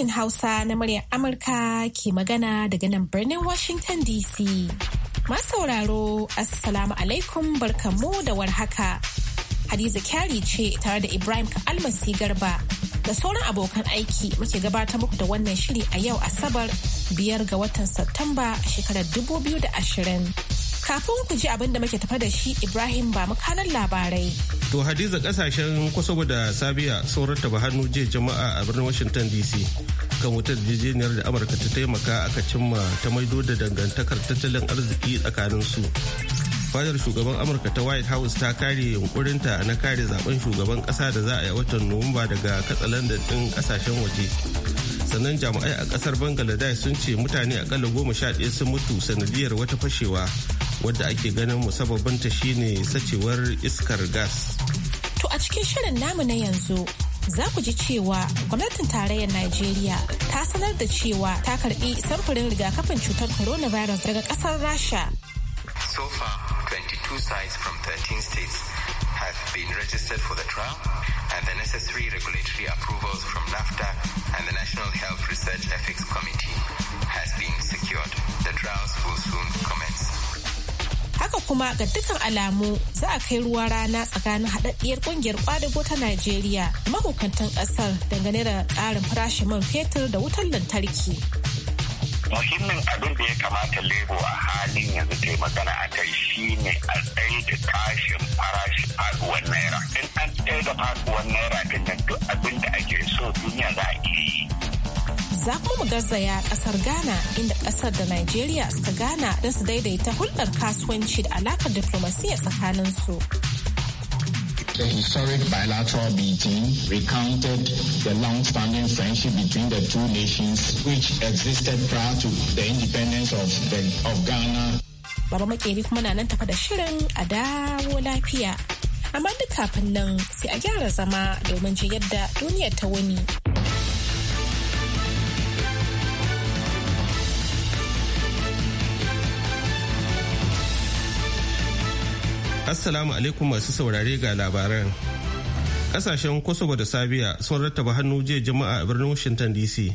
sashin Hausa na muryar Amurka ke magana daga nan birnin Washington DC. sauraro Assalamu alaikum barkanmu da warhaka. Hadiza Kyari ce tare da Ibrahim Almasi Garba da sauran abokan aiki muke gabatar muku da wannan shiri a yau Asabar biyar ga watan Satumba shekarar 2020. Kafin ku ji abin da muke tafa da shi Ibrahim ba mu kanan labarai. To Hadiza kasashen Kosovo da Sabiya sun ba hannu jiya jama'a a birnin Washington DC kan wutar jijiyar da Amurka ta taimaka aka cimma ta maido da dangantakar tattalin arziki tsakanin su. Fadar shugaban Amurka ta White House ta kare yunkurinta na kare zaben shugaban kasa da za a yi watan Nuwamba daga katsalandan ɗin kasashen waje. Sannan jami'ai a kasar Bangladesh sun ce mutane akalla goma sha ɗaya sun mutu sanadiyar wata fashewa wadda ake ganin shi shine sacewar iskar gas. cikin shirin namu na yanzu za ku ji cewa gwamnatin tarayyar Najeriya ta sanar da cewa ta karbi samfurin rigakafin cutar coronavirus daga kasar Rasha. So far, 22 sites from 13 states have been registered for the trial and the necessary regulatory approvals from NAFTA and the National Health Research Ethics Committee has been secured. The trials will soon commence. haka kuma ga dukkan alamu za a kai ruwa rana tsakanin haɗaɗɗiyar ƙungiyar ƙwadago ta najeriya da mahukantan ƙasar dangane da ƙarin farashin man fetur da wutar lantarki muhimmin abin da ya kamata lebo a halin yanzu ta yi magana a kai shine a tsaye da tashin farashin faduwar naira in an tsaye da faduwar naira din nan duk abin da ake so duniya za a iya yi za kuma mu garzaya kasar ghana inda kasar da nigeria suka gana don su daidaita hulɗar kasuwanci da alakar diplomasiya su. The historic bilateral meeting recounted the long-standing friendship between the two nations which existed prior to the independence of, the, of Ghana. Baba makeri kuma na nan tafa da shirin a dawo lafiya. Amma duk kafin nan sai a gyara zama domin ji yadda duniyar ta wani. Assalamu alaikum masu saurare ga labaran. Kasashen Kosovo da Sabiya sun rattaba hannu jiya jama'a a birnin Washington DC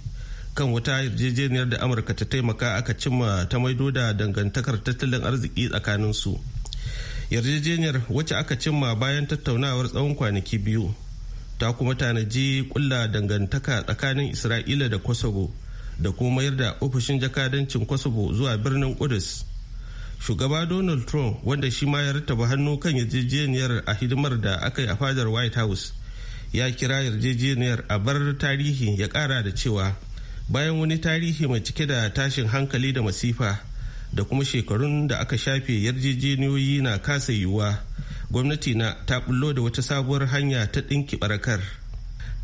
kan wata yarjejeniyar da Amurka ta taimaka aka cimma ta maido da dangantakar tattalin arziki tsakaninsu. Yarjejeniyar wacce aka cimma bayan tattaunawar tsawon kwanaki biyu ta kuma tanaji kulla dangantaka tsakanin Isra'ila da Kosovo da kuma mayar da ofishin jakadancin Kosovo zuwa birnin Kudus. shugaba donald trump wanda shi ma ya rattaba hannu kan yarjejeniyar a hidimar da aka yi a fadar white house ya kira yarjejeniyar a bar tarihi ya kara da cewa bayan wani tarihi mai cike da tashin hankali da masifa da kuma shekarun da aka shafe yarjejeniyoyi na kasa yiwuwa gwamnati na ta bullo da wata sabuwar hanya ta ɗinki barakar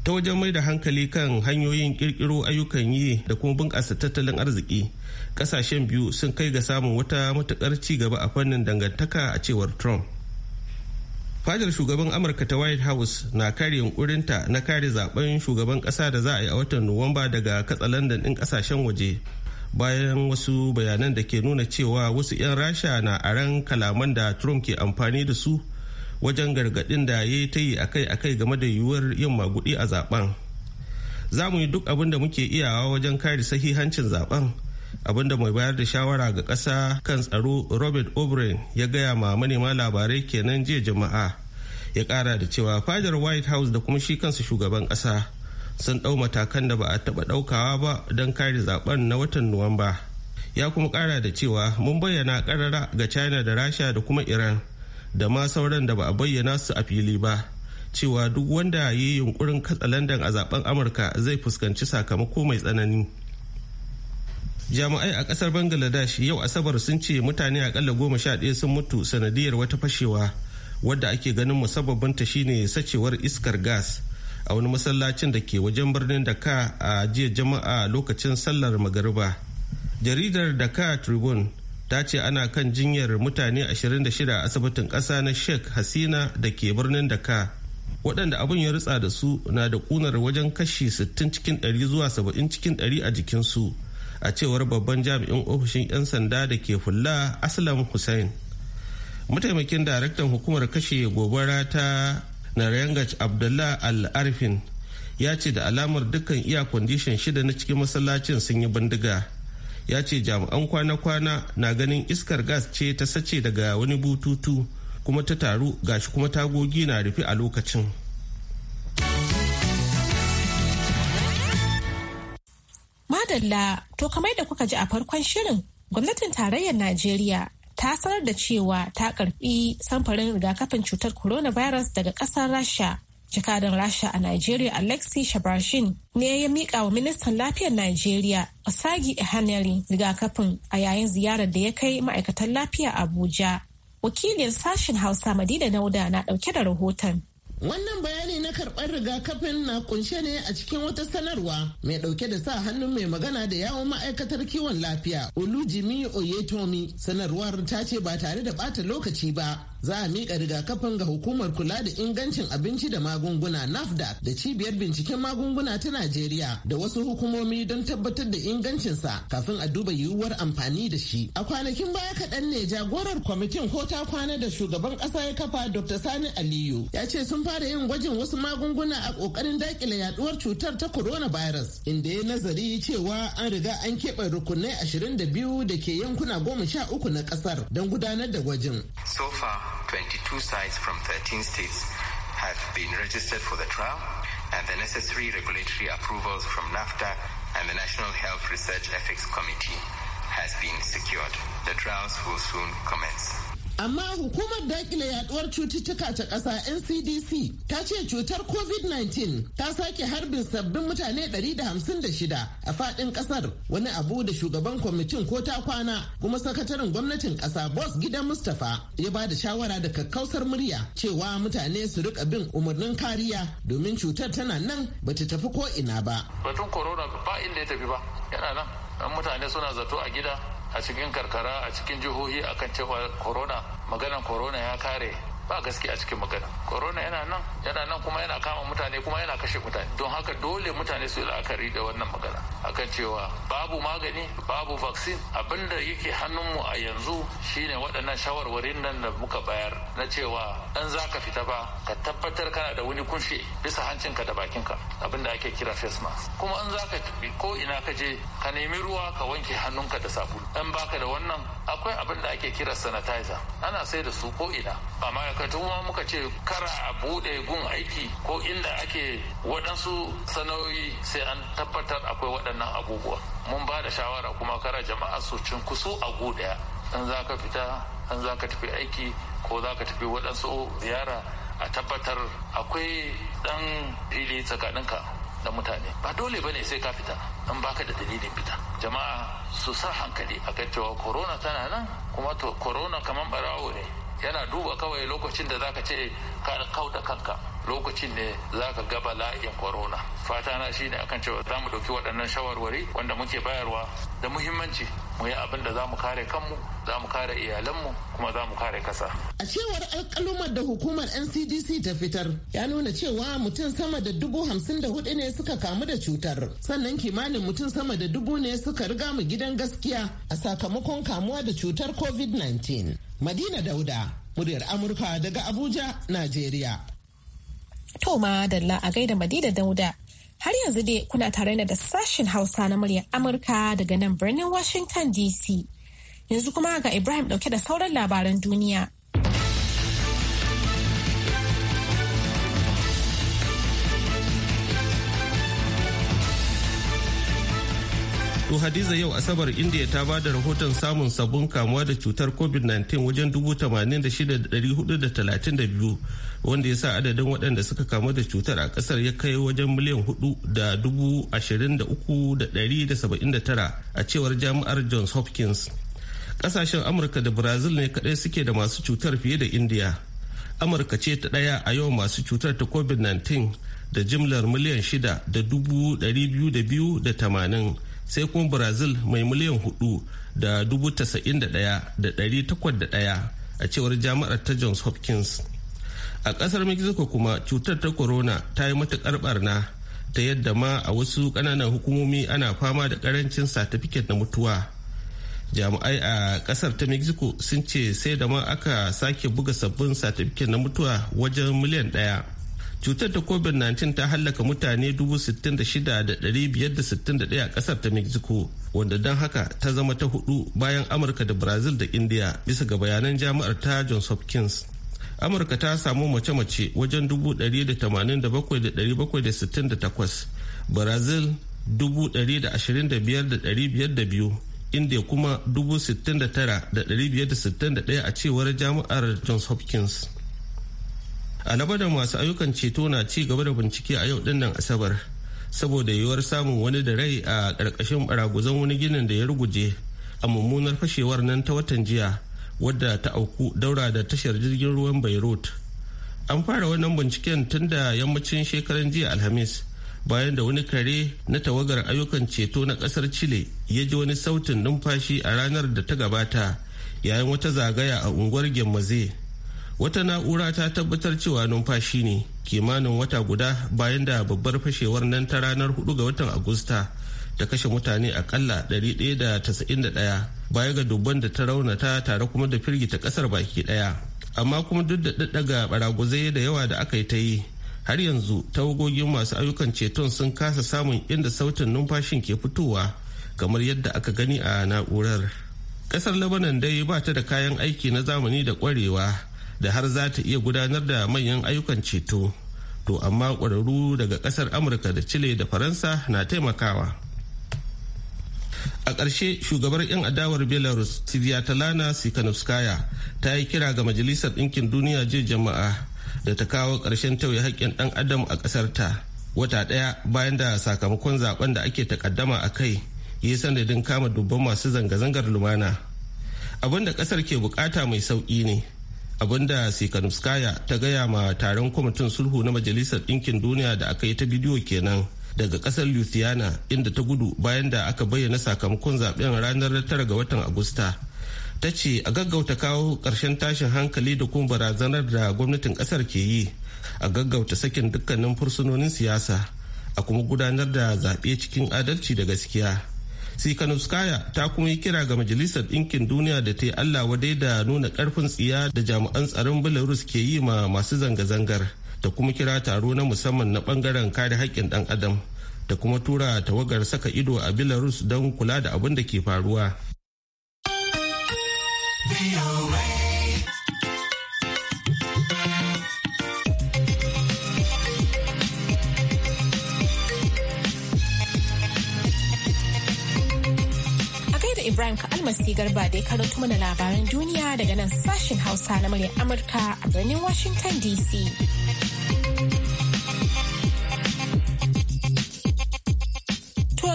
ta wajen mai da hankali kan hanyoyin kirkiro ayyukan yi da kuma bunƙasa tattalin arziki ƙasashen biyu sun kai ga samun wata matuƙar ci gaba a fannin dangantaka a cewar trump fadar shugaban amurka ta white house na kare yunkurinta na kare zaben shugaban ƙasa da za a yi a watan nuwamba daga katsalandan ɗin ƙasashen waje bayan wasu bayanan da ke nuna cewa wasu 'yan rasha na aran kalaman da trump ke amfani da su wajen gargaɗin da ya yi ta yi akai-akai game da yiwuwar yin maguɗi a zaben za mu yi duk abin da muke iyawa wajen kare sahihancin zaben abin da mai bayar da shawara ga ƙasa kan tsaro robert o'brien ya gaya ma manema labarai kenan jiya jama'a ya ƙara da cewa fadar white house da kuma shi kansa shugaban ƙasa sun ɗau matakan da ba a taɓa ɗaukawa ba don kare zaben na watan nuwamba ya kuma ƙara da cewa mun bayyana ƙarara ga china da rasha da kuma iran da ma sauran da ba a bayyana su a fili ba cewa duk wanda ya yi yunkurin katsalandan a zaben amurka zai fuskanci sakamako mai tsanani jami'ai a kasar bangladesh yau asabar sun ce mutane akalla goma sha ɗaya sun mutu sanadiyar wata fashewa wadda ake ganin ta shine sacewar iskar gas a wani masallacin da ke wajen birnin daka a jiya jama'a lokacin sallar magariba jaridar daka tribune ta ce ana kan jinyar mutane 26 a asibitin ƙasa na sheikh hasina da ke birnin daka waɗanda abin ya rutsa da su na da ƙunar wajen kashi 60 cikin 100 zuwa 70 cikin 100 a jikinsu a cewar babban jami'in ofishin 'yan sanda da ke fulla aslam hussein mataimakin daraktan hukumar kashe gobara ta narangaj abdullah al-arfin ya ce da alamar dukkan iya kwandishin shida na cikin masallacin sun yi bindiga ya ce jami'an kwana-kwana na ganin iskar gas ce ta sace daga wani bututu kuma ta taru gashi kuma tagogi na rufe a lokacin madalla to kamar da kuka ji a farkon shirin gwamnatin tarayyar najeriya ta sanar da cewa ta karbi samfarin rigakafin cutar coronavirus daga kasar rasha jakadan rasha a nigeria alexi shabashin ne ya mika wa ministan lafiyar nigeria osagi ehaneri rigakafin a yayin ziyarar da ya kai ma'aikatan lafiya a abuja wakilin sashen hausa madina Nauda na dauke da rahoton Wannan bayani na karɓar rigakafin na kunshe ne a cikin wata sanarwa mai ɗauke da sa hannun mai magana da yawon ma'aikatar kiwon lafiya Olujimi Oyetomi sanarwar ta ce ba tare da ɓata lokaci ba za a miƙa rigakafin ga hukumar kula da ingancin abinci da magunguna nafdac da cibiyar binciken magunguna ta najeriya da wasu hukumomi don tabbatar da ingancinsa kafin a duba yiwuwar amfani da shi a kwanakin baya kaɗan ne jagorar kwamitin ko ta kwana da shugaban ƙasa ya kafa dr sani aliyu ya ce sun fara yin gwajin wasu magunguna a ƙoƙarin daƙile yaduwar cutar ta coronavirus inda ya nazari cewa an riga an keɓe rukunai 22 da ke yankuna 13 na ƙasar don gudanar da gwajin. So far, 22 sites from 13 states have been registered for the trial, and the necessary regulatory approvals from NAFTA and the National Health Research Ethics Committee has been secured. The trials will soon commence. amma hukumar dakile yaduwar cututtuka ta ƙasa ncdc ta ce cutar covid-19 ta sake harbin sabbin mutane 156 a faɗin ƙasar wani abu da shugaban kwamitin ko ta kwana kuma sakataren gwamnatin ƙasa boss gidan mustapha ya ba da shawara da kakkausar murya cewa mutane su rika bin umarnin kariya domin cutar tana nan ba ta tafi ko ina ba batun corona ba inda ya tafi ba yana nan mutane suna zato a gida a cikin karkara a cikin jihohi akan cewa corona maganan corona ya kare ba gaskiya cikin magana corona yana nan yana nan kuma yana kama mutane kuma yana kashe mutane don haka dole mutane su yi la'akari da wannan magana akan cewa babu magani babu vaccine abinda yake hannunmu a yanzu shine waɗannan shawarwarin nan da muka bayar na cewa in za ka fita ba ka tabbatar kana da wani kunshe bisa hancinka da bakinka abinda ake kira face mask kuma in za ka ko ina ka je ka nemi ruwa ka wanke hannunka da sabulu in baka da wannan akwai abin da ake kira sanitizer ana sai da su ko ina a ma'aikatu ma muka ce kara a bude gun aiki ko inda ake waɗansu sanayoyi sai an tabbatar akwai waɗannan abubuwa mun ba da shawara kuma kara jama'a su cinkusu a guɗaya. in za ka fita in za ka tafi aiki ko za ka tafi waɗansu ziyara a tabbatar akwai ɗan fili tsakaninka da mutane ba dole ba ne sai ka fita in baka da dalilin fita jama'a su sa hankali a kan cewa corona tana nan kuma to corona kamar barawo ne yana duba kawai lokacin da zaka ce ka kauda kanka lokacin ne za ka gaba la'in corona fata na shine akan cewa za mu ɗauki waɗannan shawarwari wanda muke bayarwa da muhimmanci mu yi abin da za mu kare kanmu za mu kare iyalanmu kuma za mu kare kasa. A cewar alkalumar da hukumar NCDC ta fitar ya nuna cewa mutum sama da dubu hamsin da hudu ne suka kamu da cutar sannan kimanin mutum sama da dubu ne suka riga mu gidan gaskiya a sakamakon kamuwa da cutar COVID-19. Madina Dauda, muryar Amurka daga Abuja, Najeriya. To ma dalla a gaida Madina Dauda. Har yanzu dai kuna tare da sashen Hausa na muryar Amurka daga nan birnin Washington DC. Yanzu kuma ga Ibrahim dauke da sauran labaran duniya. To Hadiza yau Asabar India ta ba da rahoton samun sabon kamuwa da cutar COVID-19 wajen 86,432 wanda ya sa adadin waɗanda suka kamu da cutar a ƙasar ya kai wajen miliyan hudu da dubu ashirin da uku da ɗari da saba'in da tara a cewar jami'ar johns hopkins ƙasashen amurka da brazil ne kaɗai suke da masu cutar fiye da indiya amurka ce ta ɗaya a yau masu cutar ta covid-19 da jimlar miliyan shida da dubu ɗari biyu da biyu da tamanin sai kuma brazil mai miliyan hudu da dubu tasa'in da ɗaya da ɗari takwas da ɗaya a cewar jami'ar ta johns hopkins a kasar mexico kuma cutar ta corona ta yi matukar barna ta yadda ma a wasu kananan hukumomi ana fama da karancin satifiket na mutuwa jami'ai a kasar ta mexico sun ce sai da ma aka sake buga sabbin satifiket na mutuwa wajen miliyan daya cutar ta covid-19 ta hallaka mutane 66,561 a kasar ta mexico wanda don haka ta zama ta hudu bayan amurka da brazil da india bisa ga bayanan jami'ar ta johns hopkins amurka ta samu mace-mace wajen 187,768 brazil 125,502 india kuma 69,561 a cewar jami'ar johns hopkins a da masu ayyukan ceto na ci gaba da bincike a yau dinnan asabar saboda yiwuwar samun wani da rai a ƙarƙashin baraguzan wani ginin da ya ruguje a mummunar fashewar nan ta watan jiya wadda ta auku daura da tashar jirgin ruwan beirut an fara wannan binciken tun da yammacin shekaran jiya alhamis bayan da wani kare na tawagar ayyukan ceto na kasar chile ya ji wani sautin numfashi a ranar da ta gabata yayin wata zagaya a unguwar gemaze wata na'ura ta tabbatar cewa numfashi ne kimanin wata guda bayan da babbar fashewar nan ta ranar 4 ga watan agusta ta kashe mutane akalla 191 baya ga dubban da ta raunata tare kuma da firgita kasar baki daya amma kuma duk da daddaga baraguzai da yawa da aka yi ta yi har yanzu tawagogin masu ayyukan ceton sun kasa samun inda sautin numfashin ke fitowa kamar yadda aka gani a na'urar kasar labanan dai ba ta da kayan aiki na zamani da kwarewa da har za ta iya gudanar da manyan ayyukan ceto to amma kwararru daga kasar amurka da chile da faransa na taimakawa a ƙarshe shugabar 'yan adawar belarus sviatlana sikanovskaya ta yi kira ga majalisar ɗinkin duniya jiya jama'a da ta kawo ƙarshen tauye haƙƙin ɗan adam a ƙasar ta wata ɗaya bayan da sakamakon zaben da ake takaddama a kai yi sanadin kama dubban masu zanga-zangar lumana abin da ƙasar ke bukata mai sauƙi ne abin da sikanovskaya ta gaya ma taron kwamitin sulhu na majalisar ɗinkin duniya da aka yi ta bidiyo kenan daga kasar Louisiana inda ta gudu bayan da aka bayyana sakamakon zaben ranar tara ga watan Agusta. Ta ce a gaggauta kawo ƙarshen tashin hankali da kuma barazanar da gwamnatin ƙasar ke yi a gaggauta sakin dukkanin fursunonin siyasa a kuma gudanar da zaɓe cikin adalci da gaskiya. Sikanuskaya ta kuma yi kira ga Majalisar Ɗinkin Duniya da ta yi Allah wadai da nuna ƙarfin tsiya da jami'an tsaron Belarus ke yi ma masu zanga-zangar. ta kuma kira taro na musamman na bangaren kare haƙƙin ɗan adam da kuma tura tawagar saka ido a belarus don kula da abin da ke faruwa Ibrahim Almasi Garba da ya karanto mana labaran duniya daga nan sashen Hausa na muryar Amurka a birnin Washington DC.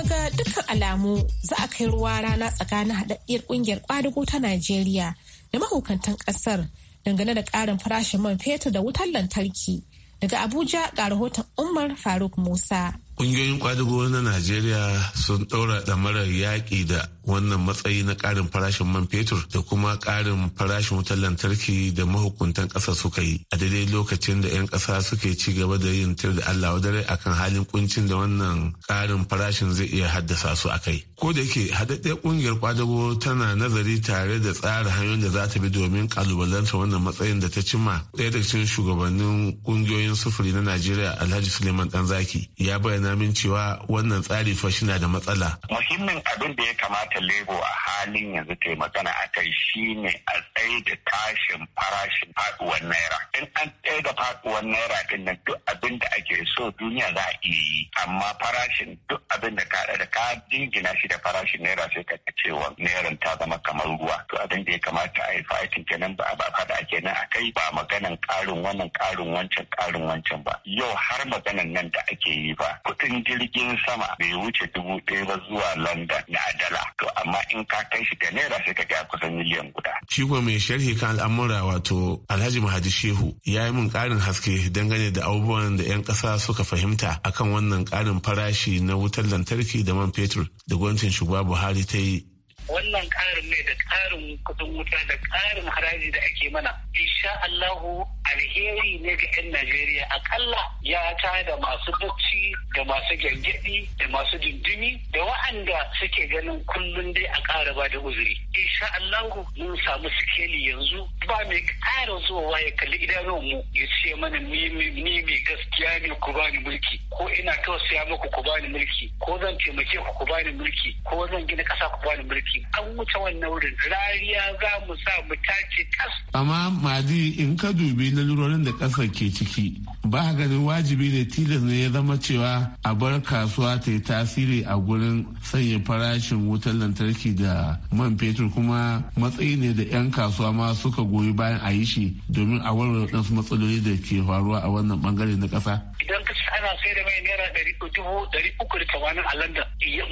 ga dukkan alamu za a kai ruwa rana tsakanin haɗaɗɗiyar ƙungiyar ƙwadago ta Najeriya da mahukantan ƙasar dangane da ƙarin farashin man fetur da wutar lantarki. Daga Abuja ga rahoton Umar Faruk Musa. Ƙungiyoyin ƙwadago na Najeriya sun ɗaura ɗamarar yaƙi da wannan matsayi na karin farashin man fetur da kuma ƙarin farashin wutar lantarki da mahukuntan ƙasa suka yi a daidai lokacin da 'yan ƙasa suke ci gaba da yin tir da Allah dare akan halin kuncin da wannan ƙarin farashin zai iya haddasa su a kai. Ko da yake haɗaɗɗe ƙungiyar kwadago tana nazari tare da tsara hanyoyin da za ta bi domin kalubalanta wannan matsayin da ta cimma ɗaya daga cikin shugabannin ƙungiyoyin sufuri na Najeriya Alhaji Suleiman Ɗanzaki ya bayyana min cewa wannan tsari fa na da matsala. Muhimmin abin da ya kamata ta a halin yanzu ta yi magana a kai shine a tsaye da tashin farashin faduwar naira. In an tsaye da faduwar naira din nan duk abin da ake so duniya za a yi amma farashin duk abin da ka da ka dingina shi da farashin naira sai ka cewa nairan ta zama kamar ruwa to abin da ya kamata a yi fa'aikin kenan ba a ba fada kenan a kai ba maganan karin wannan karin wancan karin wancan ba yau har maganan nan da ake yi ba kuɗin jirgin sama bai wuce dubu ɗaya ba zuwa london na dala to amma in ka kai shi da naira sai ka ga kusan miliyan guda. shi mai sharhi kan al'amura wato alhaji mahadi shehu ya yi min ƙarin haske dangane da abubuwan abubuwan da 'yan ƙasa suka fahimta akan wannan ƙarin farashi na wutar lantarki da man fetur da gwamnatin shugaba buhari ta yi wannan ƙarin ne da ƙarin kudin wuta da ƙarin haraji da ake mana insha Allahu alheri ne ga 'yan Najeriya akalla ya ta da masu bacci da masu gyangyaɗi da masu dindimi da wa'anda suke ganin kullum dai a ƙara ba da uzuri. Insha Allahu mun samu sikeli yanzu ba mai ƙara zuwa ya kalli idanunmu ya ce mana ni mai gaskiya ne ku bani mulki ko ina tausaya muku ku bani mulki ko zan taimake ku ku bani mulki ko zan gina ƙasa ku bani mulki an wuce wannan wurin rariya za mu sa mu tace kas. Amma Madi in ka dubi lalurorin da ƙasa ke ciki ba ganin wajibi ne tilas ne ya zama cewa a bar kasuwa ta yi tasiri a gurin sanya farashin wutar lantarki da man fetur kuma matsayi ne da 'yan kasuwa ma suka goyi bayan a yi shi domin a warware waɗansu matsaloli da ke faruwa a wannan bangare na ƙasa idan ka ci ana sai da mai naira ɗari dubu ɗari uku da tamanin a London.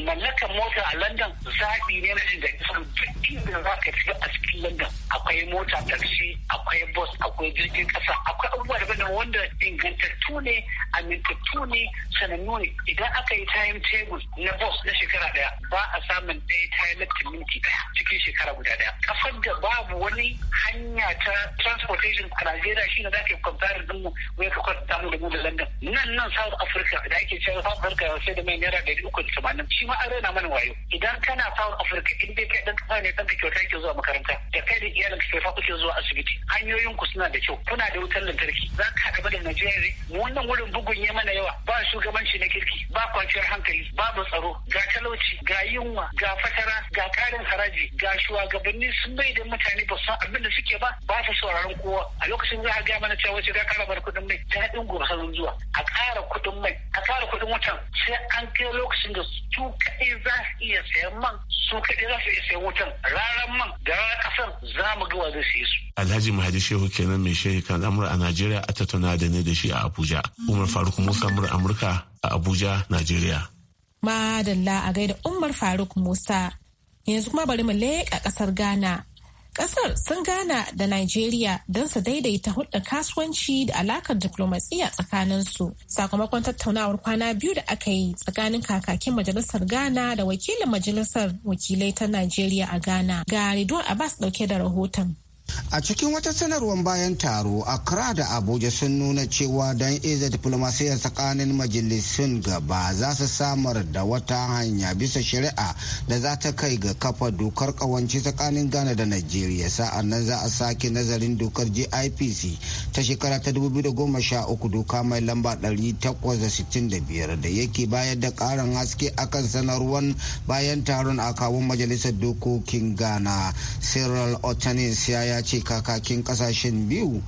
Mallakan mota a London zaɓi ne na ingantaccen duk inda za ka shiga a cikin London akwai mota taxi akwai bus akwai jirgin ƙasa akwai abubuwa daban wanda ingantattu ne amintattu ne sanannu ne idan aka yi time table na bus na shekara ɗaya ba a samun ɗaya ta minti ɗaya cikin shekara guda ɗaya. Kafar da babu wani hanya ta transportation a Najeriya shi ne za ka yi kwamfari da mu ka kwanta da mu da London. nan nan South Africa da ake cewa South Africa sai da mai naira ɗari uku da tamanin shi ma an raina mana wayo idan kana South Africa in dai kai ɗan kasa ne ɗan ka kyauta yake zuwa makaranta da kai da iyalin ka kyauta kuke zuwa asibiti hanyoyin ku suna da kyau kuna da wutar lantarki za ka haɗa da Najeriya wannan wurin bugun ya mana yawa ba shugabanci na kirki ba kwanciyar hankali babu tsaro ga talauci ga yunwa ga fatara ga ƙarin haraji ga shugabanni sun bai da mutane ba san abin da suke ba ba su sauraron kowa a lokacin za a gaya mana cewa wace ga kara bar kuɗin mai haɗin gobe zuwa a ƙara kuɗin mai a ƙara kudin wutan sai an kai lokacin da su kaɗai za su iya sayan man su kaɗai za su iya sayan wutan raran man da raran ƙasar za mu ga waje su yi su. Alhaji Mahadi Shehu kenan mai shehu kan lamura a Najeriya a tattauna da ne da shi a Abuja. Umar Faruk Musa mura Amurka a Abuja, Najeriya. Madalla a gaida Umar Faruk Musa. Yanzu kuma bari mu leƙa ƙasar Ghana. Ƙasar sun gana da Najeriya don su daidaita hulɗa kasuwanci da alakar diplomasiya su sakamakon tattaunawar kwana biyu da aka yi tsakanin kakakin majalisar Ghana da wakilin majalisar wakilai ta Najeriya a Ghana ga Ridwan Abbas ɗauke da rahoton. A cikin wata sanarwar bayan taro, Accra da Abuja sun nuna cewa don iza diflomasiyar tsakanin majalisun gaba za su samar da wata hanya bisa shari'a da za ta kai ga kafa dokar kawanci tsakanin Ghana da Najeriya sa'an nan za a sake nazarin dokar GIPC ta shekara ta 2013 doka mai lamba 865 da yake bayar da karin haske akan sanarwar bayan taron a kawun majalisar dokokin Ghana Cyril Otanis ya ya ce kakakin kasashen biyu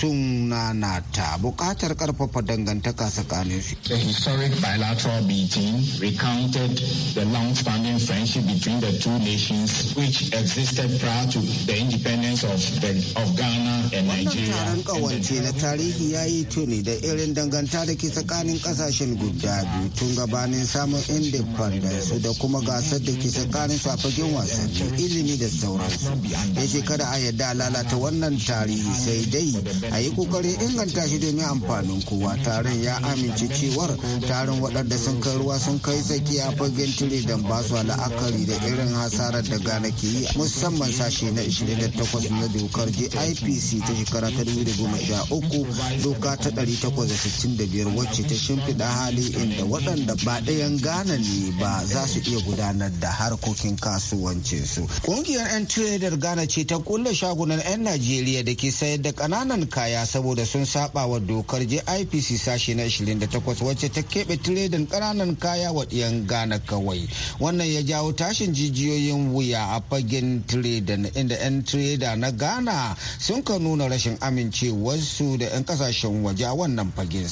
suna na ta buƙatar karfafa dangantaka tsakaninsu. The historic bilateral meeting recounted the long-standing friendship between the two nations which existed prior to the independence of, the, of Ghana and Nigeria. Wannan taron ƙawance na tarihi ya yi tuni da irin danganta da ke tsakanin kasashen guda biyu tun gabanin samun independence da kuma gasar da ke tsakanin su a fagen wasanni ilimi da sauransu. Ya shekara a yadda lalata wannan tarihi sai dai a yi kokarin inganta shi domin amfanin kowa taron ya amince cewar taron waɗanda sun kai ruwa sun kai tsakiya fagen tire don ba su la'akari da irin hasarar da gana ke yi musamman sashe na 28 na dokar jipc ta shekara ta 2013 doka ta 865 wacce ta shimfiɗa hali inda waɗanda ba ɗayan gana ne ba za su iya gudanar da harkokin kasuwancinsu ƙungiyar 'yan tiredar gana ce ta kulle shagunan 'yan najeriya da ke sayar da ƙananan kan kaya saboda sun saba wa dokar jipc sashe na 28 wacce ta keɓe tiredin ƙananan kaya wa ɗiyan ghana kawai wannan ya jawo tashin jijiyoyin wuya a fagen tiredin inda 'yan tireda na ghana sun ka nuna rashin amincewarsu da 'yan kasashen waje a wannan fagen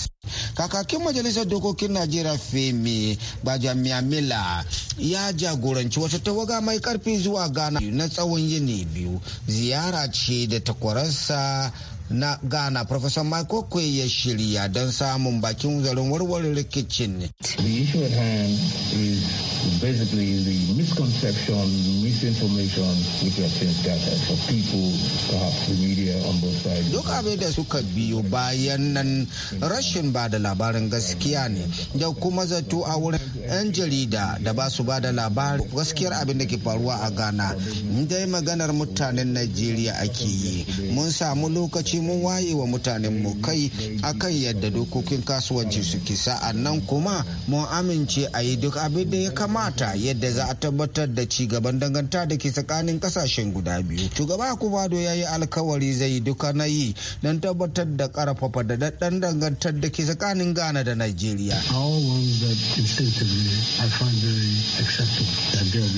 kakakin majalisar dokokin najeriya femi bajamiamila ya jagoranci wata tawaga mai karfi zuwa ghana na tsawon yini biyu ziyara ce da takwararsa na ghana professor michael kwe ya shirya don samun bakin zarin warware rikicin basically the misconception, misinformation which for people, perhaps the media on both sides. Duk abin da suka biyo bayan nan rashin ba da labarin gaskiya ne da kuma zato a wurin 'yan jarida da ba su ba da labarin gaskiyar abin da ke faruwa a Ghana. Dai maganar mutanen Najeriya ake yi. Mun samu lokaci mun waye wa mutanen mu kai akan yadda dokokin kasuwanci suke sa'an nan kuma mun amince a yi duk abin da ya kamata yadda za a tabbatar da ci gaban danganta da ke tsakanin kasashen guda biyu shugaba kubado ya yi alkawari zai duka na yi don tabbatar da karfafa da daddan dangantar da ke tsakanin ghana da nigeria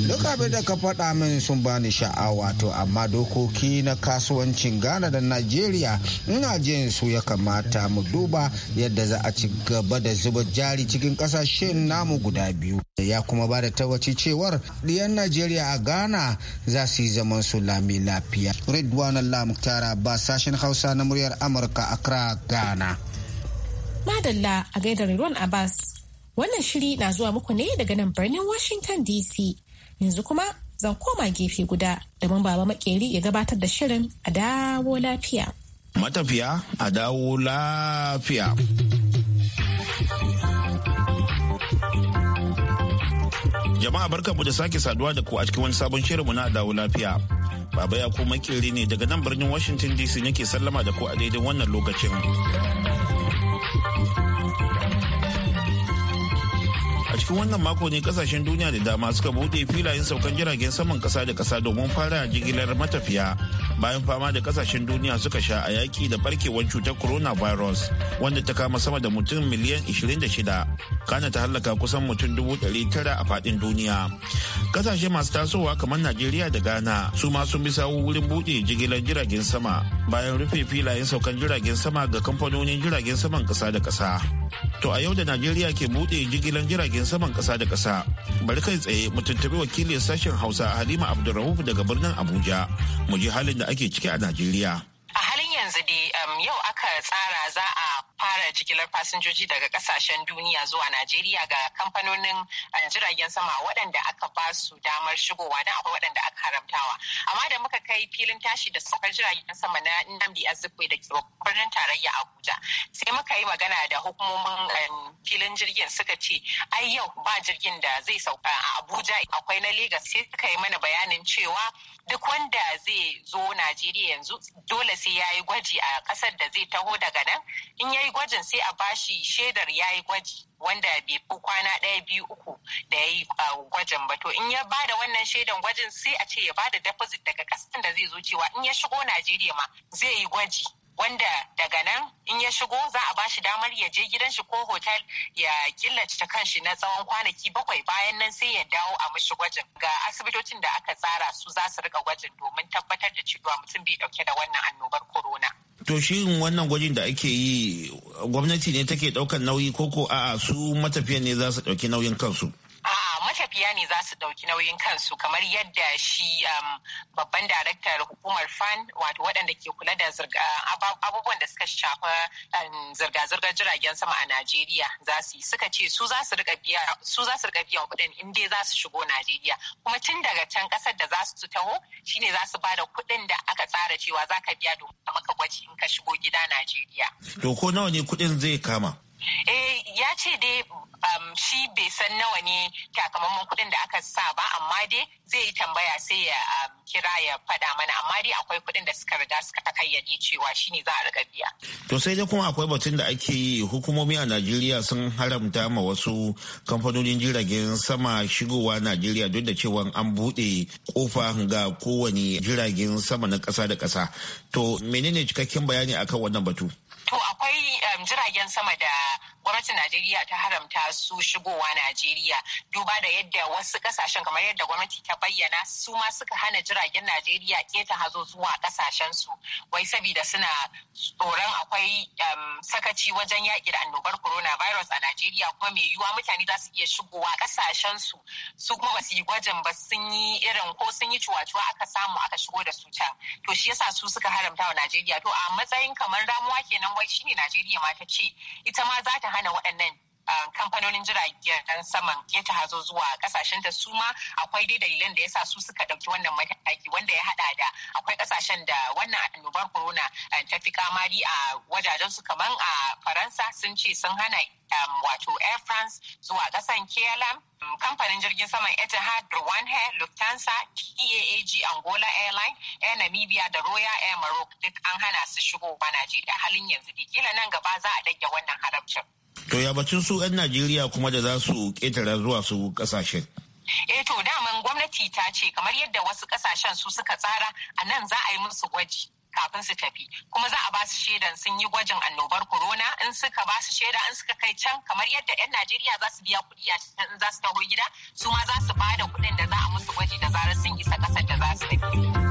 duk abin da ka faɗa min sun bani sha'awa to amma dokoki na kasuwancin gana da nigeria ina jin su ya kamata mu duba yadda za a ci gaba da zuba jari cikin kasashen namu guda biyu ya kuma ba da tabbaci cewar diyan najeriya a ghana za su yi zaman su lami lafiya redwan allah muktara ba sashen hausa na muryar amurka a accra ghana madalla a gaidar ruwan abbas wannan shiri na zuwa muku ne daga nan birnin washington dc yanzu kuma zan koma gefe guda da baba makeri ya gabatar da shirin a dawo lafiya. matafiya a dawo lafiya. Jama'a barkanmu da sake saduwa da ku a cikin wani sabon shirinmu na dawo lafiya. Baba ya kuma makeri ne daga nan birnin Washington DC nake sallama da ku a daidai wannan lokacin. tun wannan mako ne kasashen duniya da dama suka bude filayen saukan jiragen saman kasa da kasa domin fara jigilar matafiya bayan fama da kasashen duniya suka sha a yaki da barkewar cutar coronavirus wanda ta kama sama da mutum miliyan 26 kana ta hallaka kusan mutum 900 a fadin duniya kasashe masu tasowa kamar najeriya da ghana su ma sun bi sawu wurin bude jigilar jiragen sama bayan rufe filayen saukan jiragen sama ga kamfanonin jiragen saman kasa da kasa to a yau da najeriya ke bude jigilar jiragen sama zaman kasa da kasa bari kai tsaye mu tuntubi wakilin sashen hausa halima abdulrahuf daga birnin abuja mu ji halin da ake ciki a najeriya a halin yanzu dai um, yau aka tsara za a fara jigilar fasinjoji daga kasashen duniya zuwa Najeriya ga kamfanonin eh, jiragen sama waɗanda aka ba su damar shigowa don akwai waɗanda aka haramtawa. Amma da muka kai filin tashi da saukar jiragen sama na Nnamdi Azikwe da ke birnin tarayya Abuja. Sai muka yi magana da hukumomin eh, filin jirgin suka ce ai yau ba jirgin da zai sauka a Abuja akwai na Legas sai suka yi mana bayanin cewa duk wanda zai zo Najeriya yanzu dole sai ya yi gwaji a kasar da zai taho daga nan in ya yi gwajin sai a bashi shaidar ya yi gwaji wanda bai fi kwana ɗaya biyu uku da ya yi gwajin ba to in ya ba da wannan shaidan gwajin sai a ce ya ba da deposit daga kasan da zai zo cewa in ya shigo najeriya ma zai yi gwaji wanda daga nan in ya shigo za a bashi damar ya je gidan shi ko hotel ya killace kanshi na tsawon kwanaki bakwai bayan nan sai ya dawo a mishi gwajin ga asibitocin da aka tsara su za su rika gwajin domin tabbatar da cewa mutum bai dauke da wannan annobar corona. To shi wannan gwajin da ake yi gwamnati ne take daukan nauyi koko a'a su matafiyan ne za su dauki nauyin kansu? matafiya ne za su ɗauki nauyin kansu kamar yadda shi um, babban daraktar hukumar fan wato waɗanda ke kula da abubuwan da suka shafa um, zirga-zirgar jiragen sama a Najeriya za su yi suka ce su za su riga biya kuɗin in dai za su shigo Najeriya kuma tun daga can ƙasar da za su taho shine za su bada kuɗin da aka tsara cewa za ka biya domin maka gwaji in ka shigo gida Najeriya. To ko nawa ne kuɗin zai kama? Eh ya ce dai um, shi bai san nawa ne takamaiman kuɗin da aka sa ba amma dai zai yi tambaya sai ya um, kira ya faɗa mana amma dai akwai kuɗin da suka riga suka takayyade cewa shi ne za a riga biya. To sai dai kuma akwai batun da ake yi hukumomi a Najeriya sun haramta ma wasu kamfanonin jiragen sama shigowa Najeriya duk da cewa an buɗe kofa ga kowane jiragen sama na ƙasa da ƙasa. To menene cikakken bayani akan wannan batu? to akwai um, jiragen sama da gwamnatin Najeriya ta haramta su shigowa Najeriya duba da yadda wasu kasashen kamar yadda gwamnati ta bayyana su ma suka hana jiragen Najeriya keta hazo zuwa kasashen su wai saboda suna tsoron akwai um, sakaci wajen yaƙi da annobar virus a Najeriya kuma mai yiwuwa mutane za su iya shigowa kasashen su su kuma ba yi gwajin ba sun yi irin ko sun yi cuwa-cuwa aka samu aka shigo da su can to shi yasa su suka haramta wa Najeriya to a matsayin kamar ramuwa kenan wai shine Najeriya ma ta ce ita ma za ta hana waɗannan ah, kamfanonin jiragen saman keta hazo zuwa kasashen ta su akwai dai dalilan da yasa su suka ɗauki wannan mataki wanda ya haɗa da akwai kasashen da wannan annobar corona ah, ta fi kamari a wajajen su kaman a faransa sun ce sun hana um, wato air france zuwa kasan KLM mm, kamfanin jirgin saman Etihad, Rwanda, Lufthansa, TAAG Angola Airline, Air Namibia da Royal Air Maroc duk an hana su shigo shigowa Najeriya halin yanzu. Kila nan gaba za a ɗage wannan haramcin. To ya su 'yan Najeriya kuma da za su ƙetara zuwa su ƙasashen. Eh to daman gwamnati ta ce kamar yadda wasu ƙasashen su suka tsara a nan za a yi musu gwaji. kafin su tafi kuma za a ba su shaidan sun yi gwajin annobar corona in suka ba su shaida in suka kai can kamar yadda 'yan najeriya za su biya kuɗi a za su taho gida su ma za su ba da kuɗin da za a musu gwaji da zarar sun isa ƙasar da za su tafi.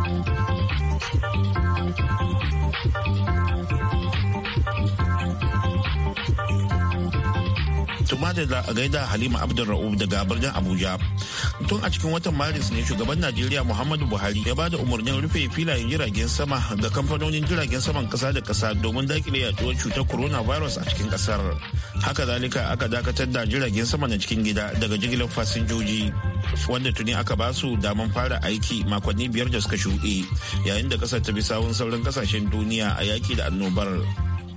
Tuma da gaida Halima Abdulra'uf daga birnin Abuja. Tun a cikin watan Maris ne shugaban Najeriya Muhammadu Buhari ya bada umarnin rufe filayen jiragen sama ga kamfanonin jiragen saman kasa da kasa domin dakile yaduwar cutar corona virus a cikin kasar. Haka zalika aka dakatar da jiragen sama na cikin gida daga jigilar fasinjoji wanda tuni aka ba su daman fara aiki makonni biyar da suka shuɗe yayin da kasar ta bi sawun sauran kasashen duniya a yaki da annobar.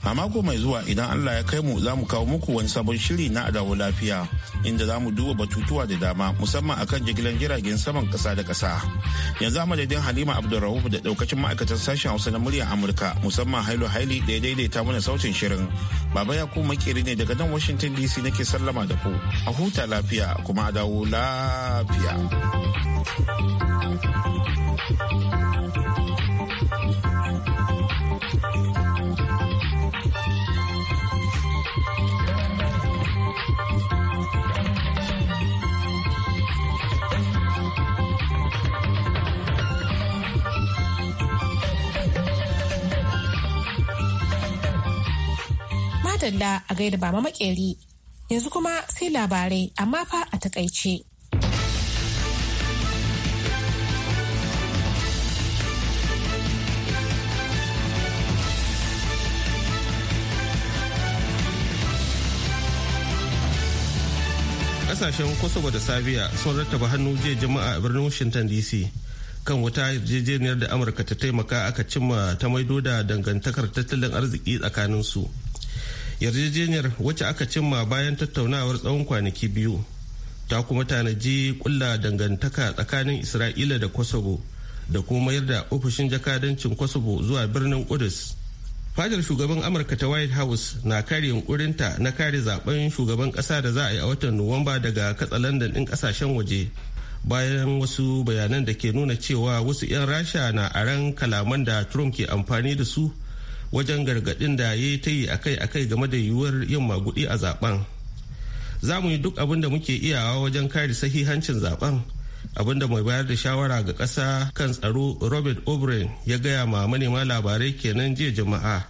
a mako mai zuwa idan allah ya kai mu za mu kawo muku wani sabon shiri na adawo lafiya inda za mu duba batutuwa da dama musamman akan jigilar jiragen saman kasa da kasa yanzu a madadin halima abdulrahman da daukacin ma'aikatan sashen hausa na muryar amurka musamman hailu haili da ya daidaita mana sautin shirin baba ya kuma makeri ne daga nan washington dc nake sallama da ku a huta lafiya kuma a dawo lafiya madalla a gaida baba makeri yanzu kuma sai labarai amma fa a takaice. kasashen kosovo da sabiya sun rattaba hannu jiya jama'a a birnin washington dc kan wuta yarjejeniyar da amurka ta taimaka aka cimma ta maido da dangantakar tattalin arziki tsakaninsu su yarjejeniyar wacce aka cimma bayan tattaunawar tsawon kwanaki biyu ta kuma tanaji kulla dangantaka tsakanin isra'ila da kosovo da kuma mayar da ofishin jakadancin kosovo zuwa birnin kudus fadar shugaban amurka ta white house na kare yunkurinta na kare zaben shugaban kasa da za a yi a watan nuwamba daga katsalandan din kasashen waje bayan wasu bayanan da ke nuna cewa wasu 'yan rasha na aran kalaman da trump ke amfani da su wajen gargaɗin da ya yi ta yi akai-akai game da yiwuwar yin maguɗi a zaben za mu yi duk abin da muke iyawa wajen kare sahihancin zaben abin da mai bayar da shawara ga ƙasa kan tsaro robert o'brien ya gaya ma manema labarai kenan jiya jama'a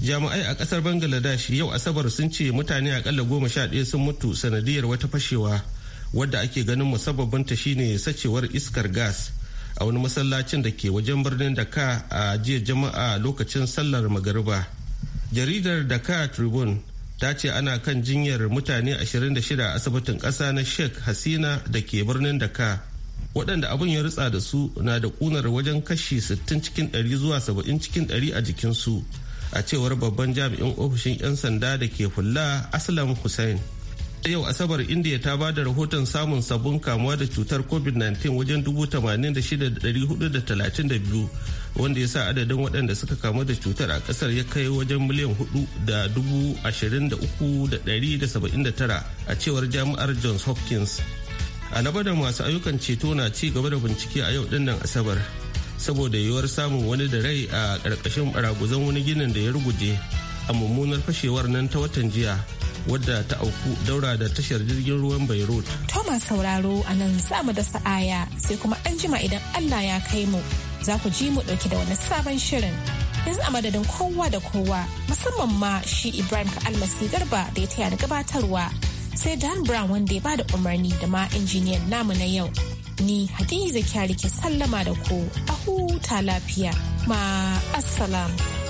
jami'ai a ƙasar bangladesh yau asabar sun ce mutane akalla goma sha ɗaya sun mutu sanadiyar wata fashewa wadda ake ganin musabbabinta shine sacewar iskar gas a wani masallacin da ke wajen birnin daka a jiya jama'a lokacin sallar magariba jaridar daka tribune ta ce ana kan jinyar mutane 26 a asibitin ƙasa na sheikh hasina da ke birnin daka waɗanda abin ya rutsa da su na da ƙunar wajen kashi 60 cikin 100 zuwa 70 cikin 100 a jikinsu a cewar babban jami'in ofishin 'yan sanda da ke fulla aslam Hussain. yau asabar india ta ba da rahoton samun sabon kamuwa da cutar covid-19 wajen 86,432 wanda ya sa adadin waɗanda suka kamu da cutar a kasar ya kai wajen miliyan 4,23,179 a cewar jami'ar johns hopkins a da masu ayyukan ceto na ci gaba da bincike a yau dinnan asabar saboda yiwuwar samun wani da rai a ƙarƙashin ɓaraguzan wani ginin da ya ruguje a mummunar fashewar nan ta watan jiya wadda ta auku daura da tashar jirgin ruwan beirut thomas sauraro a nan za mu da sa'aya sai kuma an jima idan allah ya kai mu za ku ji mu ɗauki da wani sabon shirin yanzu a madadin kowa da kowa musamman ma shi ibrahim ka almasi garba da ya taya da gabatarwa sai dan brown wanda ya ba da umarni da ma injiniyan namu na yau ni hadiza kyari ke sallama da ku a huta lafiya ma assalamu